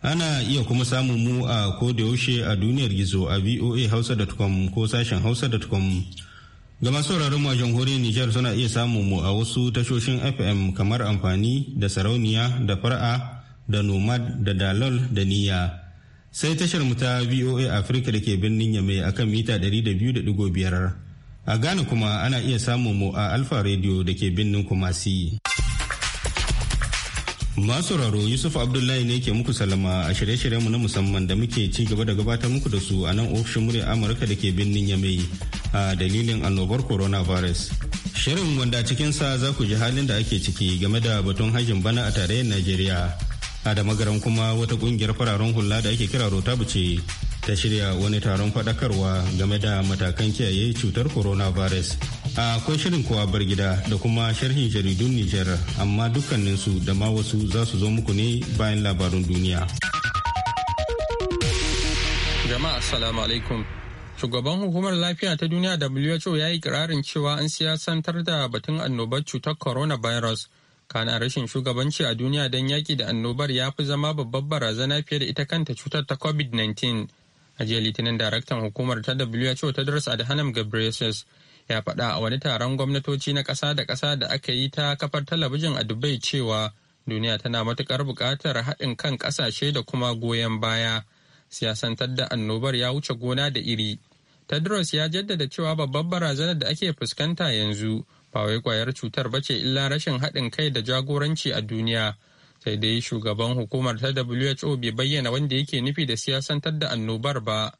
Ana iya kuma samun mu a yaushe a duniyar gizo a VOA Hausa da tukwam ko sashen Hausa da tukwam. Ga sauraron a jamhuriyar Nijar suna iya samun mu a wasu tashoshin FM kamar amfani da sarauniya da far'a da nomad da dalol da niyya. Sai tashar mu ta VOA Africa da ke birnin Yamai akan mita 200.5. A Ghana kuma ana iya samun mu a Alfa Radio da ke birnin Kumasi. Masu sauraro Yusuf Abdullahi ne ke muku salama a shirye-shiryenmu na musamman da muke ci gaba da gabatar muku da su a nan ofishin murya Amurka da ke birnin Yamai a dalilin annobar coronavirus. Shirin wanda cikinsa za ku ji halin da ake ciki game da batun hajjin bana a tarayyar Najeriya. A da magaran kuma wata kungiyar fararen hula da ake kira Rotabu ce ta shirya wani taron faɗakarwa game da matakan kiyaye cutar coronavirus akwai shirin kowa bar gida da kuma sharhin jaridun Nijar amma dukkaninsu da ma wasu za su zo muku ne bayan labarun duniya. Jama'a Assalamu alaikum. Shugaban hukumar lafiya ta duniya WHO ya yi kirarin cewa an siyasantar da batun annobar cutar coronavirus. Kana rashin shugabanci a duniya don yaƙi da annobar ya fi zama babbar barazana fiye da ita kanta cutar ta COVID-19. a jiya litinin daraktan hukumar ta who Dr. adhanom ghebreyesus ya faɗa a wani taron gwamnatoci na ƙasa da ƙasa da aka yi ta kafar talabijin a dubai cewa duniya tana matuƙar buƙatar haɗin kan ƙasashe da kuma goyon baya siyasantar da annobar ya wuce gona da iri tedros ya jaddada cewa babbar barazanar da ake fuskanta yanzu ba wai kwayar cutar ba ce illa rashin haɗin kai da jagoranci a duniya sai dai shugaban hukumar ta who bai bayyana wanda yake nufi da siyasantar da annobar ba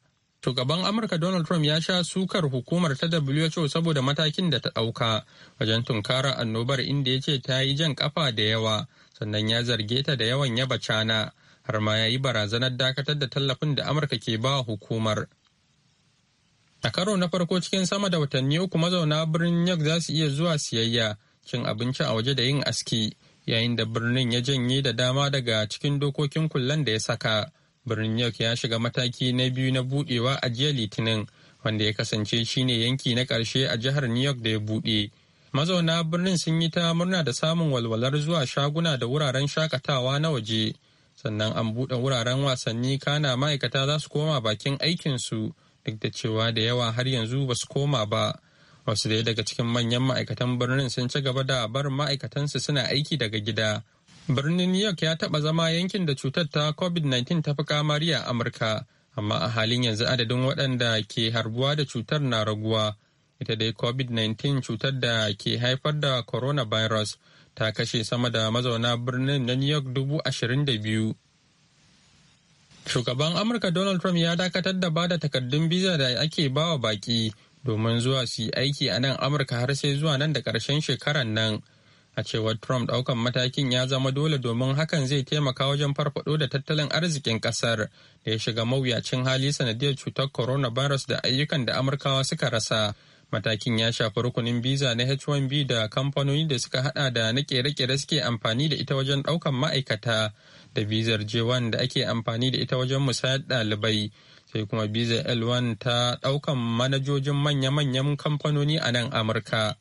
shugaban amurka donald trump ya sha sukar hukumar ta who saboda matakin da ta ɗauka wajen tunkarar annobar inda ya ce ta yi jan kafa da yawa sannan ya zarge ta da yawan yaba cana har ma ya yi barazanar dakatar da tallafin da amurka ke ba hukumar a karo na farko cikin sama da watanni uku mazauna birnin york za su iya zuwa siyayya cin abinci a waje da yin aski yayin da birnin ya janye da dama daga cikin dokokin kullen da ya saka birnin york ya shiga mataki na biyu na budewa a jiya litinin wanda ya kasance shine yanki na karshe a jihar new york da ya bude mazauna birnin sun yi ta murna da samun walwalar zuwa shaguna da wuraren shakatawa na waje sannan an buɗe wuraren wasanni kana ma'aikata za su koma bakin aikinsu duk da cewa da yawa har yanzu ba su koma ba wasu dai daga cikin manyan ma'aikatan birnin sun ci gaba da barin ma'aikatansu suna aiki daga gida birnin new york ya taba zama yankin da cutar ta covid-19 ta fi kamari a amurka amma a halin yanzu adadin waɗanda ke harbuwa da cutar na raguwa ita dai covid-19 cutar da ke haifar da coronavirus ta kashe sama da mazauna birnin na new york dubu ashirin da biyu shugaban amurka donald trump ya dakatar da bada takardun biza da ake bawa baki domin zuwa su yi aiki a nan amurka har sai zuwa nan da karshen shekaran nan a cewar trump ɗaukan matakin ya zama dole domin hakan zai taimaka wajen farfado da tattalin arzikin ƙasar da ya shiga mawuyacin hali sanadiyar cutar coronavirus da ayyukan da amurkawa suka rasa matakin ya shafi rukunin biza na h1b da kamfanoni da suka hada da na kere-kere suke amfani da ita wajen ɗaukan ma'aikata da bizar j1 da ake amfani da ita wajen musayar ɗalibai sai kuma visa L1 ta daukan manajojin manya-manyan kamfanoni a nan Amurka.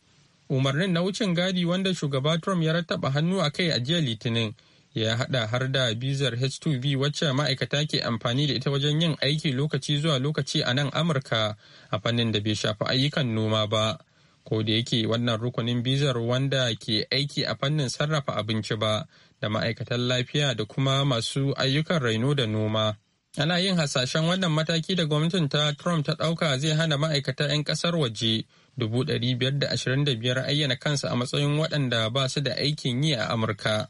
Umarnin na wucin gadi wanda shugaba Trump ya rattaba hannu a kai a jiya Litinin ya haɗa har da bizar H2B wacce ma'aikata ke amfani da ita wajen yin aiki lokaci zuwa lokaci a nan Amurka a fannin da bai shafi ayyukan noma ba. Ko da yake wannan rukunin bizar wanda ke aiki a fannin sarrafa abinci ba da ma'aikatan lafiya da kuma masu ayyukan raino da noma. Ana yin hasashen wannan mataki da gwamnatin ta Trump ta ɗauka zai hana ma'aikata 'yan ƙasar waje dubu da da ashirin 525 ayyana kansa a matsayin waɗanda ba su da aikin yi a Amurka.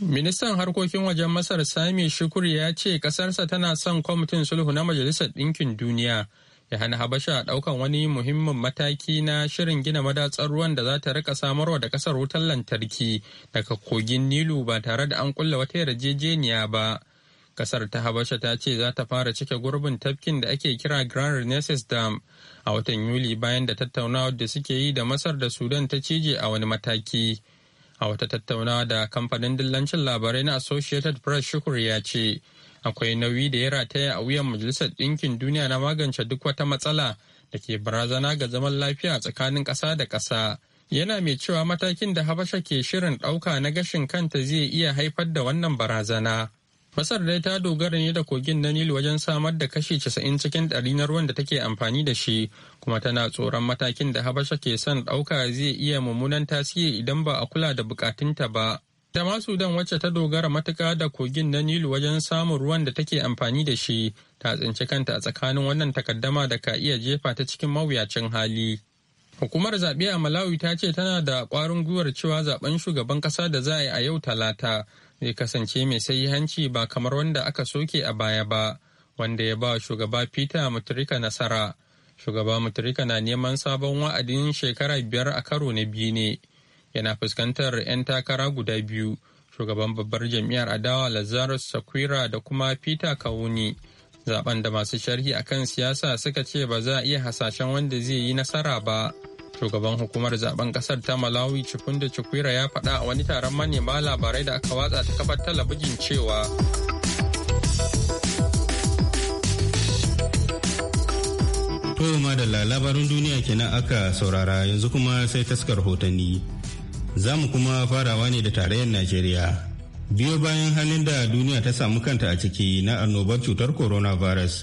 Ministan harkokin wajen Masar Sami Shukur ya ce ƙasarsa tana son kwamitin sulhu na Majalisar Ɗinkin Duniya ya hana Habasha ɗaukan wani muhimmin mataki na shirin gina madatsar ruwan da za ta rika samarwa da ƙasar wutar lantarki daga kogin Nilu ba tare da an kulla wata yarjejeniya ba. Kasar ta Habasha ta ce za ta fara cike gurbin tafkin da ake kira Grand Renaissance Dam a watan Yuli bayan da tattaunawar da suke yi da Masar da Sudan ta cije a wani mataki. A wata tattaunawa da kamfanin dillancin labarai na Associated Press Shukur ya ce, akwai nauyi da ya rataya a wuyan Majalisar Ɗinkin Duniya na magance duk wata matsala da ke barazana ga zaman lafiya tsakanin ƙasa da ƙasa. Yana mai cewa matakin da Habasha ke shirin ɗauka na gashin kanta zai iya haifar da wannan barazana. Masar dai ta dogara ne da kogin na Nil wajen samar da kashi 90 cikin ɗari na ruwan da take amfani da shi, kuma tana tsoron matakin da Habasha ke son ɗauka zai iya mummunan tasiri idan ba a kula da bukatunta ba. Ta masu dan wacce ta dogara matuka da kogin na Nil wajen samun ruwan da take amfani da shi, ta tsinci kanta a tsakanin wannan takaddama da ka iya jefa ta cikin mawuyacin hali. Hukumar zaɓe a Malawi ta ce tana da ƙwarin gwiwar cewa zaben shugaban ƙasa da za a yi a yau Talata zai kasance mai sayi hanci ba kamar wanda aka soke a baya ba wanda ya ba shugaba peter mutrika nasara shugaba mutrika na neman sabon wa'adin shekara biyar a karo na biyu ne yana fuskantar 'yan takara guda biyu shugaban babbar jam'iyyar adawa lazarus sakwira da kuma peter kawuni zaben da masu sharhi akan siyasa suka ce ba za a iya hasashen wanda zai yi nasara ba. shugaban hukumar zaben kasar ta malawi da chukwira ya faɗa a wani taron manema labarai da aka watsa ta kafar talabijin cewa to da labarin duniya kenan aka saurara yanzu kuma sai taskar hotanni za mu kuma farawa ne da tarayyar najeriya biyo bayan halin da duniya ta samu kanta a ciki na annobar cutar coronavirus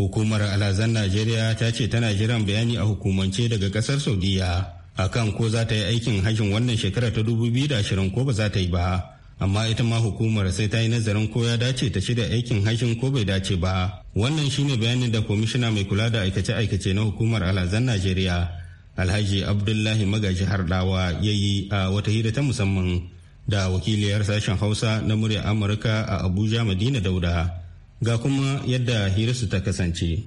hukumar alhazan najeriya ta ce tana jiran bayani a hukumance daga kasar saudiya akan ko za ta yi aikin hajjin wannan shekara ta dubu biyu da ashirin ko ba za ta yi ba amma ita ma hukumar sai ta yi nazarin ko ya dace ta shirya aikin hajjin ko bai dace ba wannan shine bayani da kwamishina mai kula da aikace-aikace na hukumar alhazan najeriya alhaji abdullahi magaji hardawa ya yi a wata hira ta musamman da wakiliyar sashen hausa na murya amurka a abuja madina dauda ga kuma yadda hirarsu ta kasance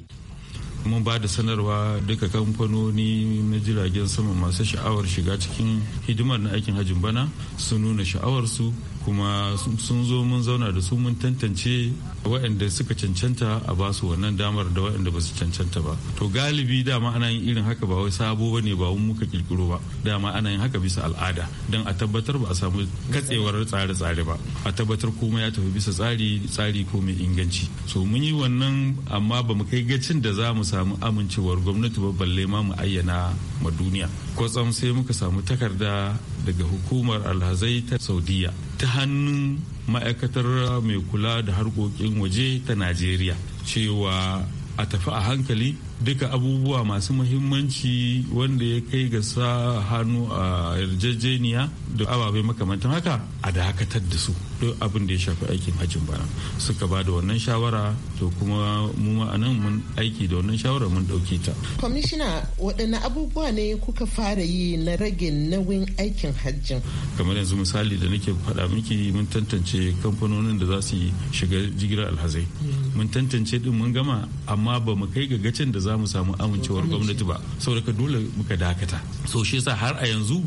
mun ba da sanarwa duka kamfanoni na jiragen sama masu sha'awar shiga cikin hidimar na aikin hajjin bana sun nuna sha'awarsu kuma sun zo mun zauna da su mun tantance waɗanda suka cancanta a ba su wannan damar da waɗanda ba su cancanta ba to galibi dama ana yin irin haka ba wai sabo ba ne ba wani muka kirkiro ba dama ana yin haka bisa al'ada don a tabbatar ba a samu katsewar tsare-tsare ba a tabbatar komai ya tafi bisa tsari tsari ko mai inganci so mun yi wannan amma ba mu kai gacin da za mu samu amincewar gwamnati ba balle ma mu ayyana ma duniya kwatsam sai muka samu takarda daga hukumar alhazai ta saudiya ta hannun ma'aikatar mai kula da harkokin waje ta najeriya cewa a tafi a hankali duka abubuwa masu muhimmanci wanda ya kai ga sa hannu a yarjejeniya da ababe makamantan haka a dakatar da su duk abin da ya shafi aikin hajjin bana suka ba da wannan shawara to kuma mu a mun aiki da wannan shawara mun ɗauke ta. kwamishina waɗanne abubuwa ne kuka fara yi na rage nauyin aikin hajjin. kamar yanzu misali da nake faɗa miki mun tantance kamfanonin da za su yi shiga jigilar alhazai mun tantance din mun gama amma ba mu kai ga gacin da za mu samu amincewar gwamnati ba saboda dole muka dakata so shi yasa har a yanzu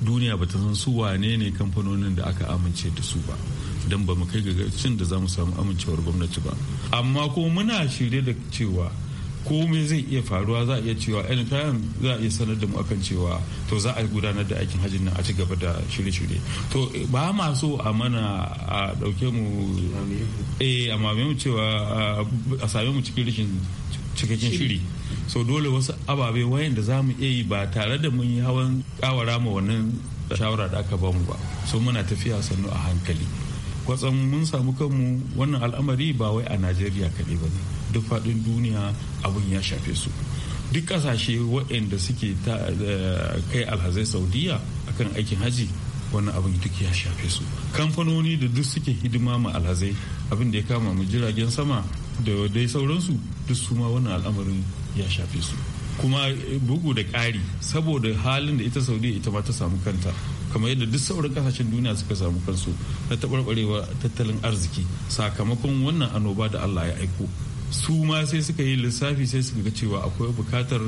duniya ba ta san su wane ne kamfanonin da aka amince da su ba don ba mu kai ga cin da za mu samu amincewar gwamnati ba amma ko muna shirye da cewa komai zai iya faruwa za a iya cewa anytime za a iya sanar da mu akan cewa to za a gudanar da aikin hajji nan a ci gaba da shirye-shirye to ba ma so a mana a dauke mu eh amma mu cewa a same mu cikin rikin cikakken shiri so dole wasu ababe wayan da za mu iya yi ba tare da mun yi hawan kawara ma wannan shawara da aka bamu ba so muna tafiya sannu a hankali kwatsam mun samu kanmu wannan al'amari ba wai a najeriya kaɗai ba ne duk faɗin duniya abun ya shafe su duk ƙasashe waɗanda suke eh, kai alhazai saudiya akan aikin haji wannan abin duk ya shafe su kamfanoni da duk suke hidima ma alhazai abin da ya kama mu jiragen sama da dai sauransu duk su ma wannan al'amarin ya shafe su kuma eh, bugu da ƙari saboda halin da ita saudiya ita ma ta samu kanta kamar yadda duk sauran kasashen duniya suka samu kansu na taɓarɓarewa tattalin arziki sakamakon wannan annoba da allah ya aiko su ma sai suka yi lissafi sai suka ga cewa akwai bukatar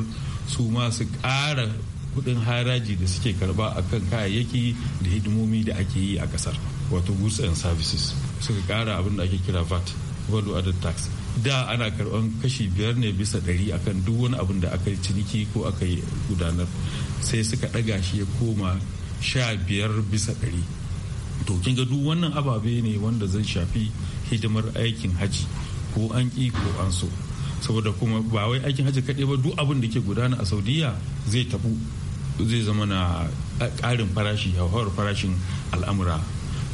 su ma su ƙara kudin haraji da suke karba a kan kayayyaki da hidimomi da ake yi a kasar wato goods and services suka kara abin da ake kira vat value added tax da ana karban kashi biyar ne bisa ɗari akan duk wani abin da aka yi ciniki ko aka yi gudanar sai suka ɗaga shi ya koma sha biyar bisa ɗari to kin ga duk wannan ababe ne wanda zai shafi hidimar aikin haji ko an ƙi ko an so saboda kuma ba wai aikin haji kaɗai ba duk abin da ke gudana a saudiya zai tafi zai zama na ƙarin farashi hauhawar farashin al'amura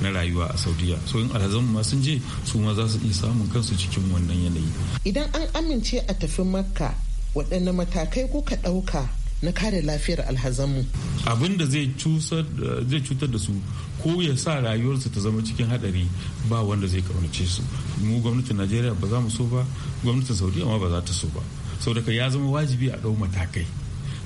na rayuwa a saudiya so in alhazan ma sun je su ma za su iya samun kansu cikin wannan yanayi idan an amince a tafi makka waɗanne matakai kuka ɗauka na kare lafiyar alhazanmu abin da zai cutar da su ko ya sa rayuwarsu ta zama cikin hadari ba wanda zai kaunace su mu gwamnatin najeriya ba za mu so ba gwamnatin saudiya ma ba za ta so ba sau daga ya zama wajibi a ɗau matakai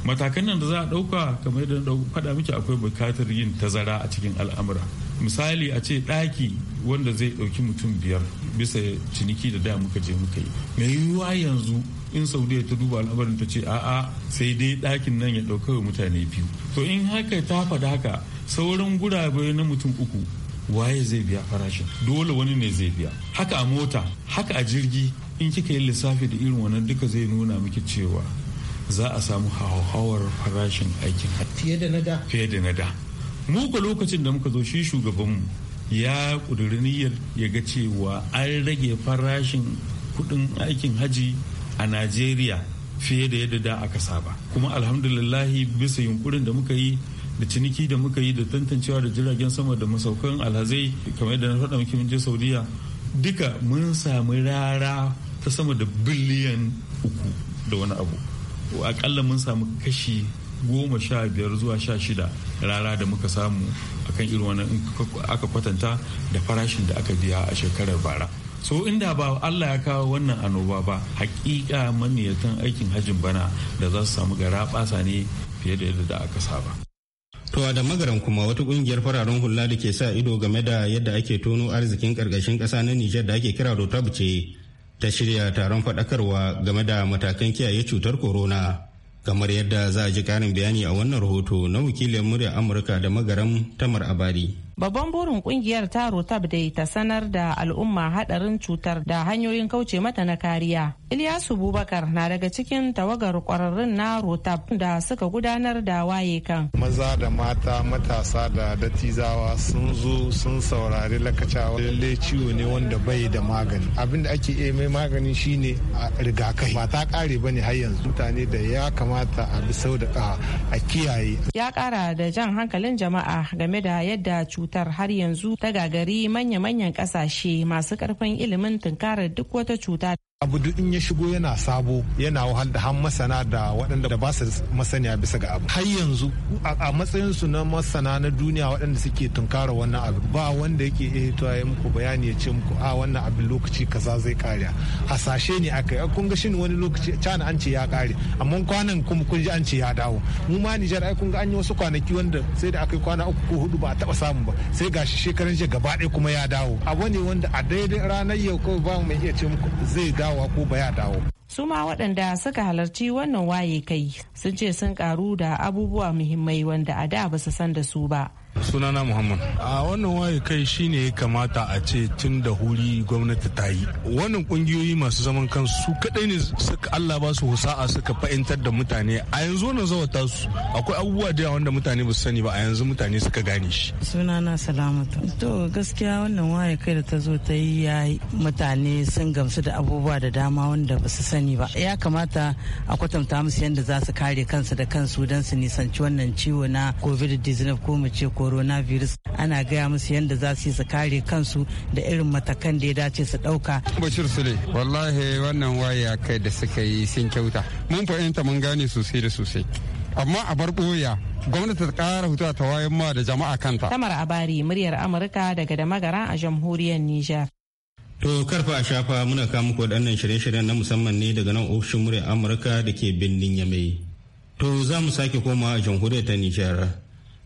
matakan nan da za a ɗauka kamar yadda faɗa miki akwai bukatar yin tazara a cikin al'amura misali a ce ɗaki wanda zai ɗauki mutum biyar bisa ciniki da da muka je muka yi mai yiwuwa yanzu in saudiya ta duba al'amarin ta ce a'a sai dai dakin nan ya wa mutane biyu to in haka ta faɗa haka sauran gurabe na mutum uku waye zai biya farashin dole wani ne zai biya haka a mota haka a jirgi in kika yi lissafi da irin wannan duka zai nuna miki cewa za a samu hauhawar farashin aikin fiye da na fiye da na da mu lokacin da muka zo shi shugabanmu ya ƙudiri ya ga cewa an rage farashin kuɗin aikin haji a najeriya fiye da yadda da aka saba kuma alhamdulillahi bisa yunkurin da muka yi da ciniki da muka yi da tantancewa da jiragen sama da masaukan alhazai kamar yadda na faɗa muke mun je saudiya duka mun sami rara ta sama da biliyan uku da wani abu akalla mun samu kashi goma sha biyar zuwa sha shida rara da muka samu akan irin wannan aka kwatanta da farashin da aka biya a shekarar bara so inda ba Allah ya kawo wannan annoba ba hakika maniyatan aikin hajjin bana da za su samu gara basa ne fiye da yadda aka saba To da magaran kuma wata kungiyar fararen hula da ke sa ido game da yadda ake tono arzikin karkashin kasa na Nijar da ake kira Rotab ce ta shirya taron fadakarwa game da matakan kiyaye cutar corona. Kamar yadda za a ji karin bayani a wannan rahoto na wakilin murya Amurka da magaran Tamar Abari. Babban burin kungiyar ta Rotab da ta sanar da al'umma hadarin cutar da hanyoyin kauce mata na kariya. Ilyasu Bubakar na daga cikin tawagar kwararrun na Rotab da suka gudanar da waye kan. Maza da mata matasa da dattizawa sun zo sun saurari lakacawa lalle ciwo ne wanda bai da magani. Abin da ake iya mai magani shine a rigakafi. Ba ta kare ne har yanzu mutane da ya kamata a bi sau da a kiyaye. Ya kara da jan hankalin jama'a game da yadda cutar cutar har yanzu ta gagari manya-manyan kasashe masu karfin ilimin tunkarar duk wata cuta abu duk in ya shigo yana sabo yana wahal da har masana da waɗanda da ba su masaniya bisa ga abu har yanzu a matsayinsu na masana na duniya waɗanda suke tunkara wannan abu ba wanda yake eh to ya muku bayani ya ce muku a ah, wannan abin lokaci kaza zai kare hasashe ne akai kun ga shin wani lokaci cana an ce ya kare amma kwanan kuma kun ji an ce ya dawo mu ma Nijar ai kun ga an yi wasu kwanaki wanda sai da akai kwana uku ko hudu ba a taba samu ba sai gashi shekaran jiya gaba ɗaya kuma ya dawo abu ne wanda a daidai ranar yau kawai ba mu iya ce muku zai dawo dawowa ko baya dawo su waɗanda suka halarci wannan waye kai sun ce sun karu da abubuwa muhimmai wanda a da ba su san da su ba sunana muhammad a wannan waye kai shine ya kamata a ce tun da huri gwamnati ta yi wannan kungiyoyi masu zaman kansu su kadai ne suka allah ba su husa'a suka fahimtar da mutane a yanzu na zawata su akwai abubuwa da yawa wanda mutane ba su sani ba a yanzu mutane suka gane shi sunana salamatu to gaskiya wannan waye kai da ta zo ta yi ya mutane sun gamsu da abubuwa da dama wanda ba su sani ba ya kamata a kwatanta musu yadda za su kare kansu da kansu don su nisanci wannan ciwo na covid-19 ko mu ce ko coronavirus ana gaya musu yadda za su yi su kare kansu da irin matakan da ya dace su ɗauka. Bashir Sule, wallahi wannan waya kai da suka yi sun kyauta. Mun fahimta mun gane sosai da sosai. Amma a bar ɓoya gwamnati ta kara hutu ta wayan ma da jama'a kanta. Tamar Abari, muryar Amurka daga da magara a jamhuriyar Nijar. To karfa a shafa muna kawo muku waɗannan shirye-shiryen na musamman ne daga nan ofishin muryar Amurka da ke birnin Yamai. To za mu sake koma a jamhuriyar ta Nijar.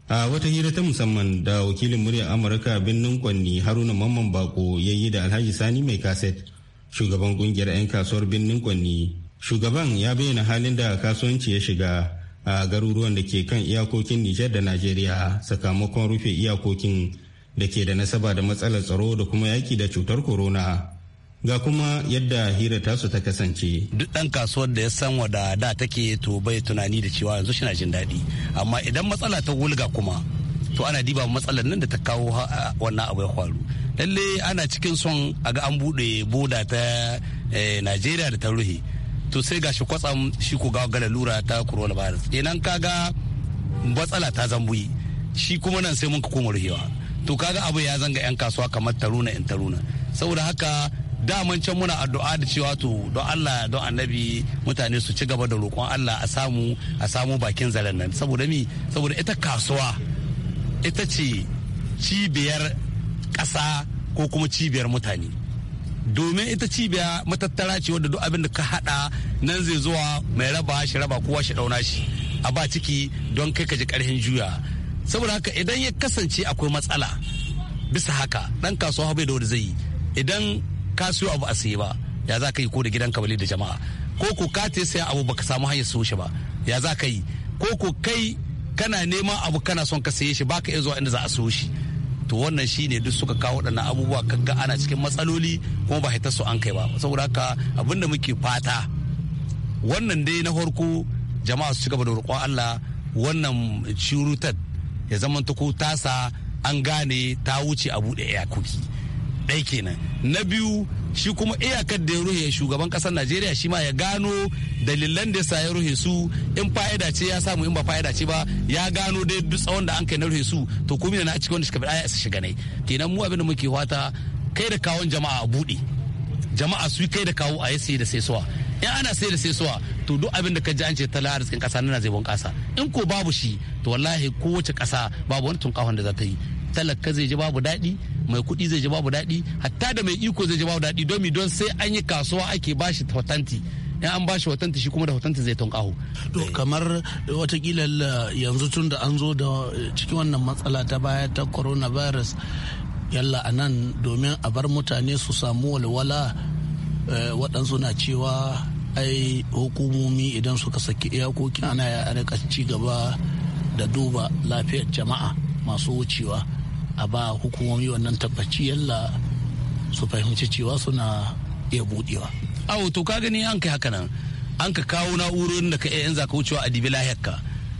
a wata hira ta musamman da wakilin murya amurka birnin kwanni haruna mamman bako ya yi da alhaji sani mai kaset shugaban kungiyar 'yan kasuwar birnin kwanni shugaban ya bayyana halin da kasuwanci ya shiga a garuruwan da ke kan iyakokin nijar da najeriya sakamakon rufe iyakokin da ke da nasaba da matsalar tsaro da kuma yaki da cutar corona ga kuma yadda hira tasu ta kasance duk ɗan kasuwar da ya san wada da take to bai tunani da cewa yanzu shina jin daɗi amma idan matsala ta wulga kuma to ana diba matsalar nan da ta kawo wannan abu ya faru lalle ana cikin son a ga an buɗe boda ta eh, najeriya da ta ruhe to sai gashi kwatsam shi ko ga lura ta coronavirus kenan kaga matsala ta zambuyi shi kuma nan sai mun ka koma ruhewa to kaga abu ya zanga yan kasuwa kamar taruna in taruna saboda haka daman can muna addu'a da cewa to don Allah don annabi mutane su ci gaba da roƙon Allah a samu a samu bakin zaren nan saboda mi saboda ita kasuwa ita ce cibiyar ƙasa ko kuma cibiyar mutane domin ita cibiya matattara ce wadda duk abin da ka hada nan zai zuwa mai raba shi raba kowa shi dauna shi a ba ciki don kai ka ji karhin juya saboda haka idan ya kasance akwai matsala bisa haka dan kasuwa bai da wanda zai yi idan ka siyo abu a siye ba ya za ka yi ko da gidan kabali da jama'a ko ko ka te saya abu baka samu hanyar siyo shi ba ya za ka yi ko ko kai kana neman abu kana son ka saye shi baka iya zuwa inda za a siyo shi to wannan shine duk suka kawo waɗannan abubuwa kaga ana cikin matsaloli kuma ba haitar su an kai ba saboda haka abinda muke fata wannan dai na farko jama'a su ci gaba da roƙon Allah wannan shirutar ya zama ta ko tasa an gane ta wuce a buɗe iyakoki ɗaya kenan na biyu shi kuma iyakar da ya ruhe shugaban ƙasar najeriya shi ma ya gano dalilan da sa ya ruhe su in fa'ida ce ya samu in ba fa'ida ce ba ya gano dai duk tsawon da an kai na ruhe su to kuma na cikin wanda a fi su shiga ne kenan mu abin muke fata kai da kawon jama'a a buɗe jama'a su kai da kawo a yi da saisuwa. in ana sai da saisuwa to duk abin da ka ji an ce tala arzikin ƙasa nana zai bunƙasa in ko babu shi to wallahi kowace ƙasa babu wani tunkahon da za ta yi talaka zai ji babu daɗi mai kuɗi zai ji babu daɗi hatta da mai iko zai ji babu daɗi domin don sai an yi kasuwa ake ba shi hotanti in an ba shi hotanti shi kuma da hotanti zai tunkaho. to eh. kamar watakila eh, yanzu tun da an zo da eh, cikin wannan matsala ta baya ta coronavirus yalla a nan domin a bar mutane su samu walwala waɗansu na cewa ai hukumomi idan suka saki iyakoki ana ya rika ci gaba da duba lafiyar jama'a masu wucewa a ba hukumomi wannan tabbaci yalla su fahimci cewa suna iya budewa awo to ka gani an kai haka nan an ka kawo na'urorin da ka yan yanzu ka wucewa a dibi lahiyar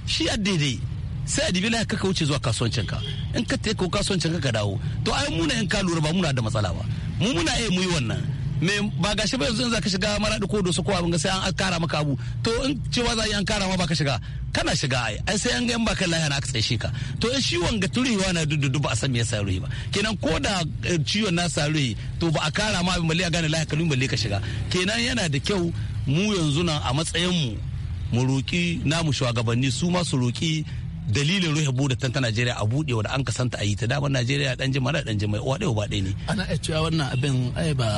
shi a daidai sai a dibi lahiyar ka wuce zuwa kasuwancin ka in ka taiko kasuwancin ka ka dawo to ai muna in ka lura ba muna da matsala ba mu muna iya muyi wannan me ba ga shi ba yanzu in ka shiga maradi ko dosu ko abin ga sai an kara maka abu to in cewa za a yi an kara ma ka shiga kana shiga ai ai sai an ga ba baka lahiya na aka tsaye ka to in shi wanga turewa na dudu ba a san me yasa ruhi ba kenan ko da eh, ciwon na sa ruhi to ba a kara ma abin balle a gane lahiya kalmi balle ka shiga kenan yana da kyau mu yanzu nan a matsayin mu mu roki namu shugabanni su ma su roki dalilin ruhe buɗe ta Najeriya a buɗe da an kasanta a yi ta damar Najeriya dan jima da dan jima uwa ɗaya ba ɗaya ne. Ana iya cewa wannan abin ai ba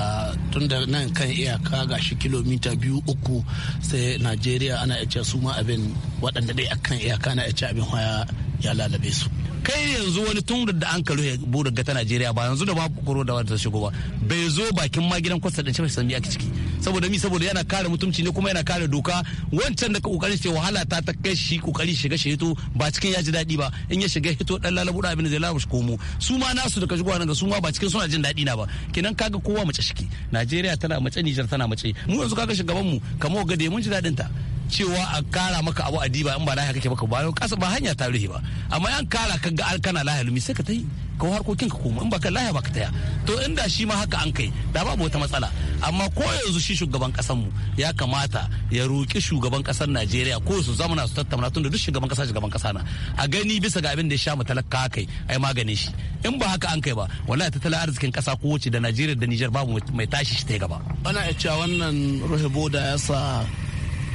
tun da nan kan iyaka ga shi kilomita biyu uku sai Najeriya ana iya cewa su ma abin waɗanda dai akan iyaka ana iya cewa abin haya ya lalabe su. kai yanzu wani tun da an kalu ya buɗe ta Najeriya ba yanzu da ba koro da wata shigo ba bai zo bakin ma gidan kwasa da shi sami aka ciki saboda mi saboda yana kare mutumci ne kuma yana kare doka wancan da kokari ce wahala ta ta kai shi kokari shiga shi hito ba cikin ya ji daɗi ba in ya shiga hito dan lalabu da abin da zai lalabu shi komo su ma nasu da ka shigo nan ga su ma ba cikin suna jin daɗi na ba kenan kaga kowa mace shiki Najeriya tana mace Nijar tana mace mu yanzu kaga shugaban mu kamar ga da mun ji daɗin ta cewa a kara maka abu a diba in ba lahi kake maka ba ba hanya ta ba amma an kara kaga alkana lahi lumi sai ka ta yi ko harkokin ka koma in baka lahiya baka taya to inda shi ma haka an kai da babu wata matsala amma ko yanzu shi shugaban kasar mu ya kamata ya roki shugaban kasar Najeriya ko su zamana su tattauna tunda duk shugaban kasa shugaban kasa na a gani bisa ga abin da ya sha mu talaka kai ai maganin shi in ba haka an kai ba wallahi tattalin arzikin kasa ko wace da Najeriya da Niger babu mai tashi shi ta gaba ana iya cewa wannan ruhe boda ya sa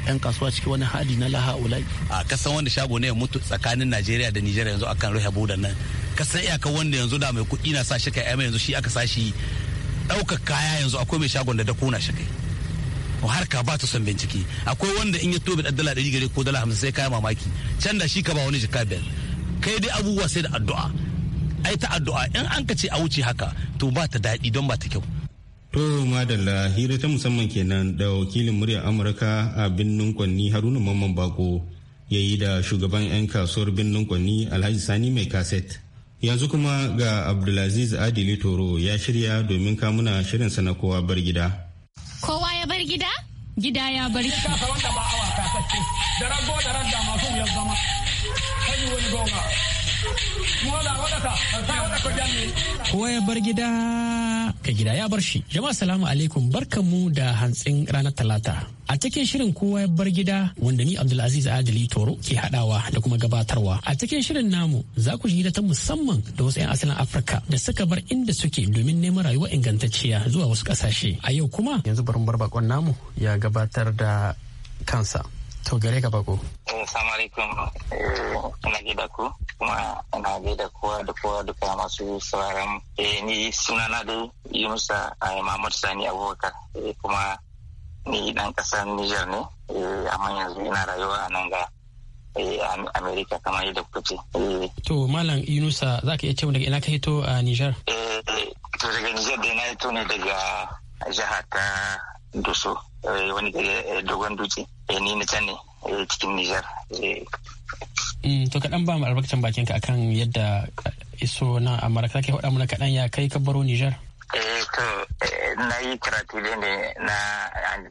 'yan kasuwa cikin wani hali na laha ulai a kasan wanda shago ne ya mutu tsakanin najeriya da nijar yanzu akan ruhe budan nan ka san iyakar wanda yanzu da mai kuɗi na sa shi kai yanzu shi aka sa shi ɗaukar kaya yanzu akwai mai shagon da dako na shi kai harka ba ta son bincike akwai wanda in ya tobe da dala ɗari gare ko dala hamsin sai kaya mamaki can da shi ka ba wani jika bel kai dai abubuwa sai da addu'a ai ta addu'a in an ka ce a wuce haka to ba ta daɗi don ba ta kyau To madalla hira ta musamman kenan da wakilin muryar Amurka a binnin Kwanni Haruna Mamman Bako ya yi da shugaban 'yan kasuwar birnin Kwanni Alhaji Sani Mai Kaset. yanzu kuma ga abdulaziz adili toro ya shirya domin kamuna shirinsa na kowa bar gida kowa ya bar gida gida ya bar kowa ya bar gida ka gida ya bar shi. Jama'a salamu alaikum mu da hantsin ranar talata. A cikin shirin kowa ya bar gida wanda ni Abdulaziz Adili Toro ke hadawa da kuma gabatarwa. A cikin shirin namu za ku ji ta musamman da wasu 'yan asalin Afirka da suka bar inda suke domin neman rayuwa ingantacciya zuwa wasu kasashe. A yau kuma yanzu barin bar bakon namu ya gabatar da kansa. To gare ka bako. Eh, assalamu alaikum. Eh, ina gaida ku kuma ina gaida kowa da kowa duka masu sauraron eh, ni sunana da Yunusa Muhammad Sani Abubakar kuma ni dan kasar Niger ne amma yanzu ina rayuwa a nan ga Amerika kamar yadda kuka ce. To Malam Yunusa za ka iya ce daga ina ka hito a Niger? To daga Niger da na hito ne daga jihar ta Doso. Eh, wani eh, dogon duki eh, ni na can ne cikin nijar mm, to kaɗan ba mu albarkacin bakin ka akan yadda iso na amurka ke faɗa mana kaɗan ya kai ka baro nijar eh to na yi karatu da ne na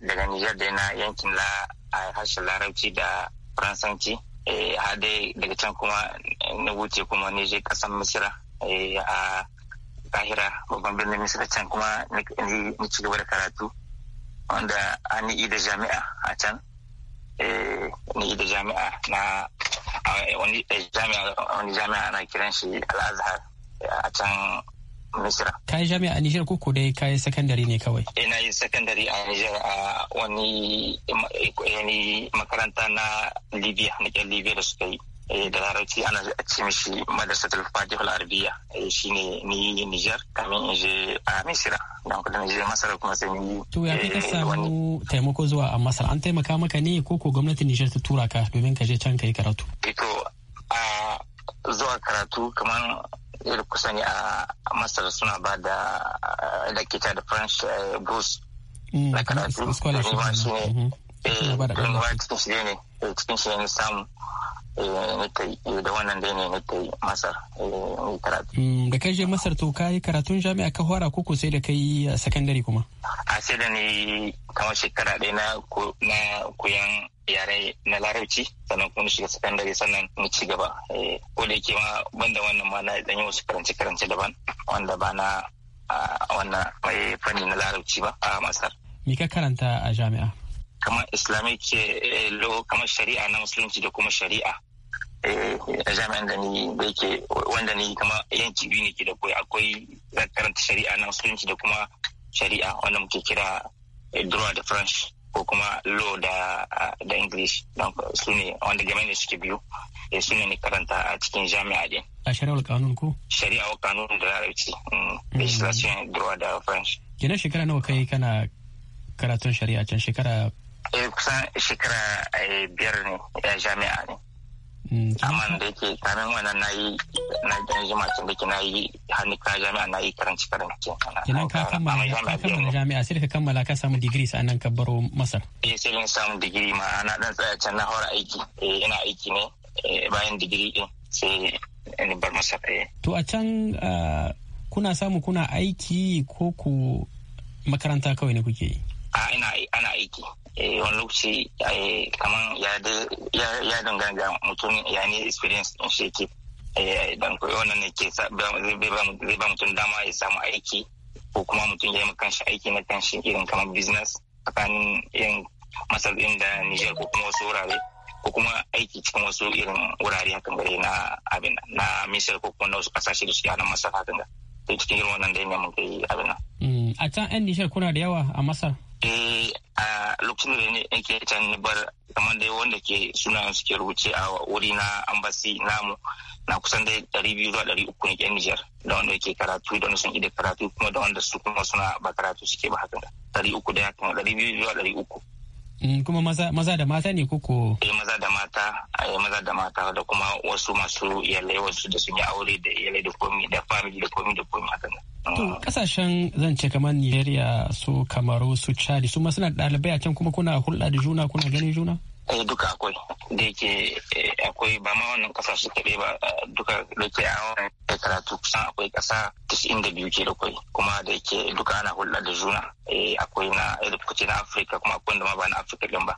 daga nijar da na yankin la harshen larabci da faransanci har dai daga can kuma na wuce kuma ne je kasan misira a kahira babban birnin misira can kuma ni ci gaba da karatu wanda an yi da jami'a a can eh, ni da jami'a na eh, wani jami'a na kiran shi al'azhar a can misira ka yi jami'a a nijar ko dai ka yi sakandare ne kawai ina eh, yi sakandare a nijar a wani makaranta na libya na kyan libya da suka yi Eh, da larabci ana ce mishi madrasatul al arabiya eh, shine ni Niger kamin in je a Misira don kuma je Masar kuma sai ni to ya kai eh, samu taimako zuwa a Masar an taimaka maka ne ko ko gwamnatin Niger ta tura ka domin ka je can kai karatu to a zuwa karatu kamar irin kusa a Masar suna ba da dakita da French Bruce mm, na karatu. Scholarship. Mm-hmm. Eh, ba shi ne, cikin shi ne samu. Eh, da wannan dai ne nake masar eh, karatu. Mm, da kai je masar to kayi karatun jami'a ka hora koko sai da kai a eh, sakandare kuma. a sai da ni kamar shekara ɗaya na koyan yare na larabci sannan kuma shiga sakandare sannan mu ci gaba ko da yake ma banda wannan ma na yi wasu karance karance daban wanda ba na wannan fanni na larabci ba a masar. me ka karanta a jami'a. kamar islamic eh, lo kamar shari'a na musulunci da kuma shari'a eh, a jami'an da ni da yake wanda ni kama yanki biyu ne ke da koyi akwai karanta shari'a na musulunci da kuma shari'a wanda muke kira eh, droit de french ko kuma law da ah, da english don su ne wanda game ne suke biyu su ne karanta a cikin jami'a din a shari'ar kanun ko shari'a wa kanun da larabci mm, mm. legislation droit da french kenan shekara nawa kai kana karatun shari'a can shekara Eh, kusan shekara eh, biyar ne ya jami'a ne mm, amma da yake kamin wannan na yi na jima tun da na yi hannu ka jami'a na yi karanci karanci kenan ka kammala ka kammala jami'a sai ka kammala ka samu digiri nan ka baro masar eh sai na samu digiri ma ana dan tsaya can na hawar aiki eh ina aiki ne eh, bayan digiri din sai ni bar masar eh to a can ah, kuna samu kuna aiki ko ku makaranta kawai ne kuke yi a ah, ina ana aiki Eh, wani lokaci eh, kamar ya dangana mutum ya ne experience in shi ke eh, don koyi wannan ne ke zai ba mutum dama ya samu aiki ko kuma mutum ya yi kanshi aiki na kanshi irin kamar business tsakanin yin masar da Niger ko kuma wasu wurare ko kuma aiki cikin wasu irin wurare hakan gare na abin na misal ko kuma na wasu kasashe da suke a nan masar hakan sai cikin irin wannan dai ne mun kai abin nan. Mm, a can yan nishar kuna da yawa a masar. eh a lokacin da ne ke can ni bar kamar da wanda ke sunayen suke rubuce a wuri na ambasi namu na kusan dai ɗari biyu zuwa ɗari uku ne yan Nijar da wanda yake karatu da wanda sun ida karatu kuma da wanda su kuma suna ba karatu suke ba haka ɗari uku da kuma ɗari biyu zuwa ɗari uku Eh, kuma maza da mata ne koko eh, maza da mata eh, maza da mata da kuma wasu masu iyalai wasu da sun yi aure da yalai da komi da family da komi da komi haka to mm. kasashen zan ce kamar Nigeria su Kamaru su Chad su ma suna ɗalibai a can kuma kuna hulɗa da juna kuna ganin juna eh duka akwai da yake eh, akwai ba ma wannan kasa su kaɗai ba eh, duka da ke a wannan karatu kusan akwai kasa tis'in da biyu ke da kwai kuma da yake duka ana hulɗa da juna eh, akwai na da kuce na afirka kuma akwai da ma ba na afirka ɗin ba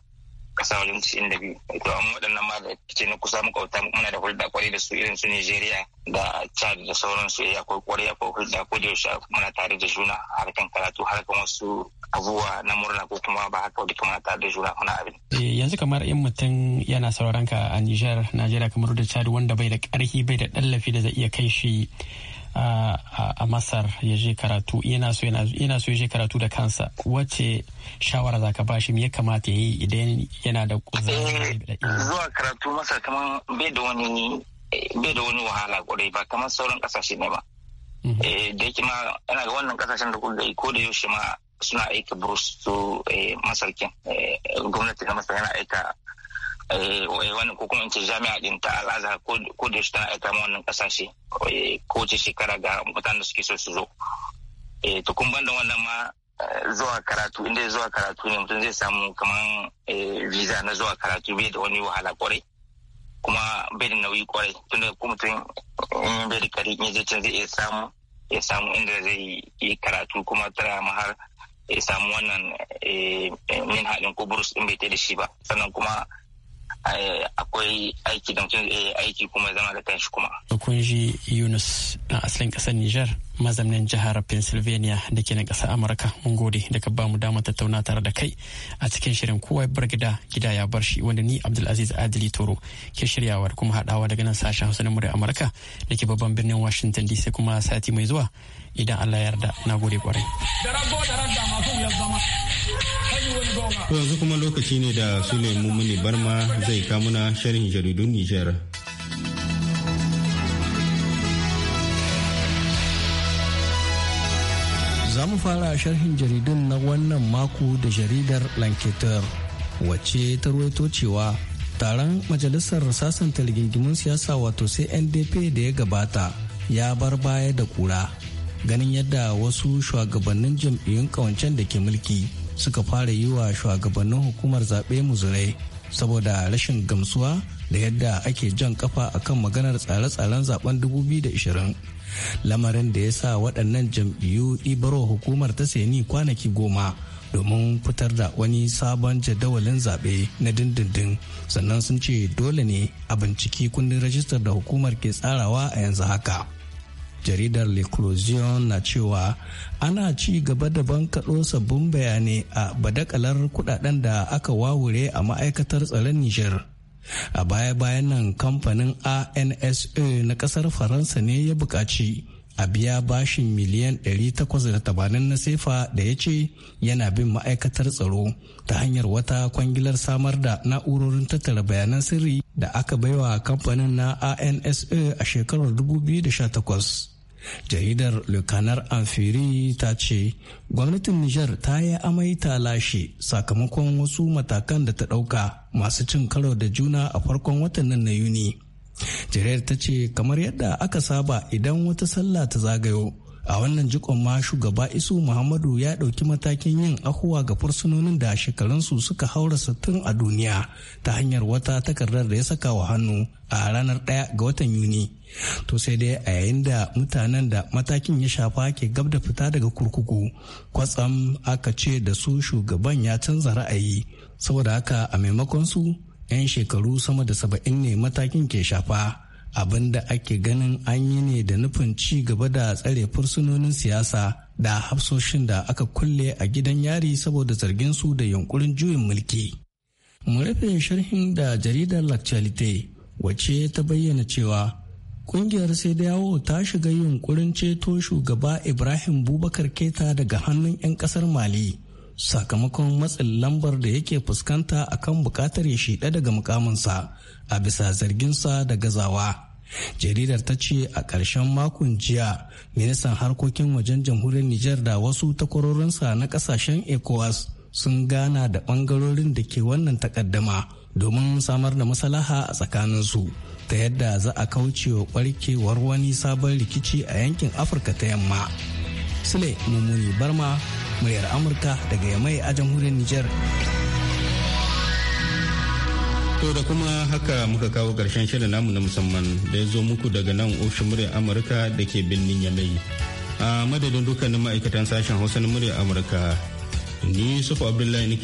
kasa wajen inda da biyu to amma waɗannan ma da ce na kusa makwabta muna da hulɗa kwarai da su irin su Nigeria da Chad da sauransu ya eh, akwai kwarai akwai hulɗa ko da yaushe muna tare da juna harkan karatu harkan wasu abubuwa na murna ko kuma ba haka wadda kuma tare da juna muna abin. Eh, yanzu kamar in mutum yana sauran ka a Niger nigeria kamar da Chad wanda bai da ƙarfi bai da ɗallafi da zai iya kai shi a masar ya je karatu yana so ya je karatu da kansa wacce shawara za ka ba shi ya kamata ya yi idan yana da kuzari eh, zuwa karatu masar kamar bai da wani bai da wani wahala kwarai ba kamar sauran kasashe ne ba mhm. eh, da yake ma yana ga wannan kasashen da kuka ko da yaushe ma suna aika burus su eh, masarkin gwamnati na masar yana aika Eh, wani ko kuma ce jami'a din ta al'azhar ko da tana aika ma wannan kasashe eh, ko ce shekara ga mutanen da suke so su zo eh, to kun banda wannan ma zuwa karatu inda zuwa karatu ne mutum zai samu kamar visa na zuwa karatu bai da wani wahala kwarai kuma bai da nauyi kwarai tunda ko mutum in bai da kari in zai canza zai iya samu ya samu inda zai yi karatu kuma tara har ya samu wannan min haɗin ko burus ɗin bai ta da shi ba sannan kuma Eh, akwai aiki da mutum eh, aiki kuma zama da kanshi kuma. Kunji Yunus na asalin kasar Nijar mazaunin jihar Pennsylvania da ke na kasar Amurka mun gode da ka bamu damar tattauna tare da kai a cikin shirin kowa bar gida gida ya bar shi wanda ni Abdulaziz Adili Toro ke shiryawa kuma haɗawa daga nan sashen Hausa na murya Amurka da ke babban birnin Washington DC kuma sati mai zuwa idan Allah ya yarda na gode kwarai. Da rago da masu zama. To yanzu kuma lokaci ne da Sule Mumuni Barma zai kamuna sharhin jaridun Nijar. Za mu fara sharhin jaridun na wannan mako da jaridar Lanketer wacce ta ruwaito cewa taron majalisar sasanta rigingimun siyasa wato CNDP da ya gabata ya bar baya da kura ganin yadda wasu shugabannin jam'iyyun kawancen da ke mulki suka fara yi wa shugabannin hukumar zaɓe muzurai saboda rashin gamsuwa da yadda ake jan kafa akan maganar tsare-tsaren zaben 2020 lamarin da ya sa waɗannan jam'iyyu ɗibarwa hukumar ta ni kwanaki goma domin fitar da wani sabon jadawalin zaɓe na dindindin sannan sun ce dole ne a binciki kundin rajistar da hukumar ke tsarawa a yanzu haka. jaridar l'eclosion na cewa ana ci gaba da bankaɗo sabbin bayanai a badakalar kudaden da aka wawure a ma'aikatar tsaron nijar a baya-bayan nan kamfanin ansa na kasar faransa ne ya buƙaci a biya bashin miliyan 880 na sefa da ya ce yana bin ma'aikatar tsaro ta hanyar wata kwangilar samar da na'urorin tattara bayanan sirri da aka baiwa kamfanin na ansa a shekarar 2018 jaridar lukanar amfiri ta ce gwamnatin nijar ta yi amai ta lashe sakamakon wasu matakan da ta ɗauka masu cin karo da juna a farkon watan nan na yuni jaridar ta ce kamar yadda aka saba idan wata sallah ta zagayo a wannan jikon ma shugaba isu muhammadu ya ɗauki matakin yin ahuwa ga fursunonin da shekarunsu suka haura sittin a duniya ta hanyar wata takardar da ya saka wa hannu a ranar ɗaya ga watan yuni to sai dai a yayin da mutanen da matakin ya shafa ke gab da fita daga kurkuku kwatsam aka ce da su shugaban ya canza ra'ayi saboda haka a maimakon su 'yan shekaru sama da saba'in ne matakin ke shafa abin da ake ganin an yi ne da nufin ci gaba da tsare fursunonin siyasa da hafsoshin da aka kulle a gidan yari saboda zargin su da yunkurin juyin mulki. mu rufe sharhin da jaridar lactualite wacce ta bayyana cewa Kungiyar sai da yawo ta shiga yunkurin ceto shugaba Ibrahim Bubakar Keta daga hannun 'yan kasar Mali sakamakon matsin lambar da yake fuskanta akan bukatar ya shiɗa daga mukaminsa a bisa zarginsa da gazawa. jaridar ta ce a ƙarshen makon jiya ministan harkokin wajen jamhuriyar nijar da wasu takwarorinsa na ƙasashen ecowas sun gana da ɓangarorin da ke wannan takaddama domin samar da masalaha a tsakaninsu ta yadda za a kauce wa barkewar wani sabon rikici a yankin afirka ta yamma sule mummuni barma muryar amurka daga yamai a jamhuriyar niger to da kuma haka muka kawo ƙarshen shirin namu na musamman da ya zo muku daga nan ofishin muryar amurka da ke birnin yamai a madadin dukkanin ma'aikatan sashen hausa na muryar amurka ni sufa abdullahi nake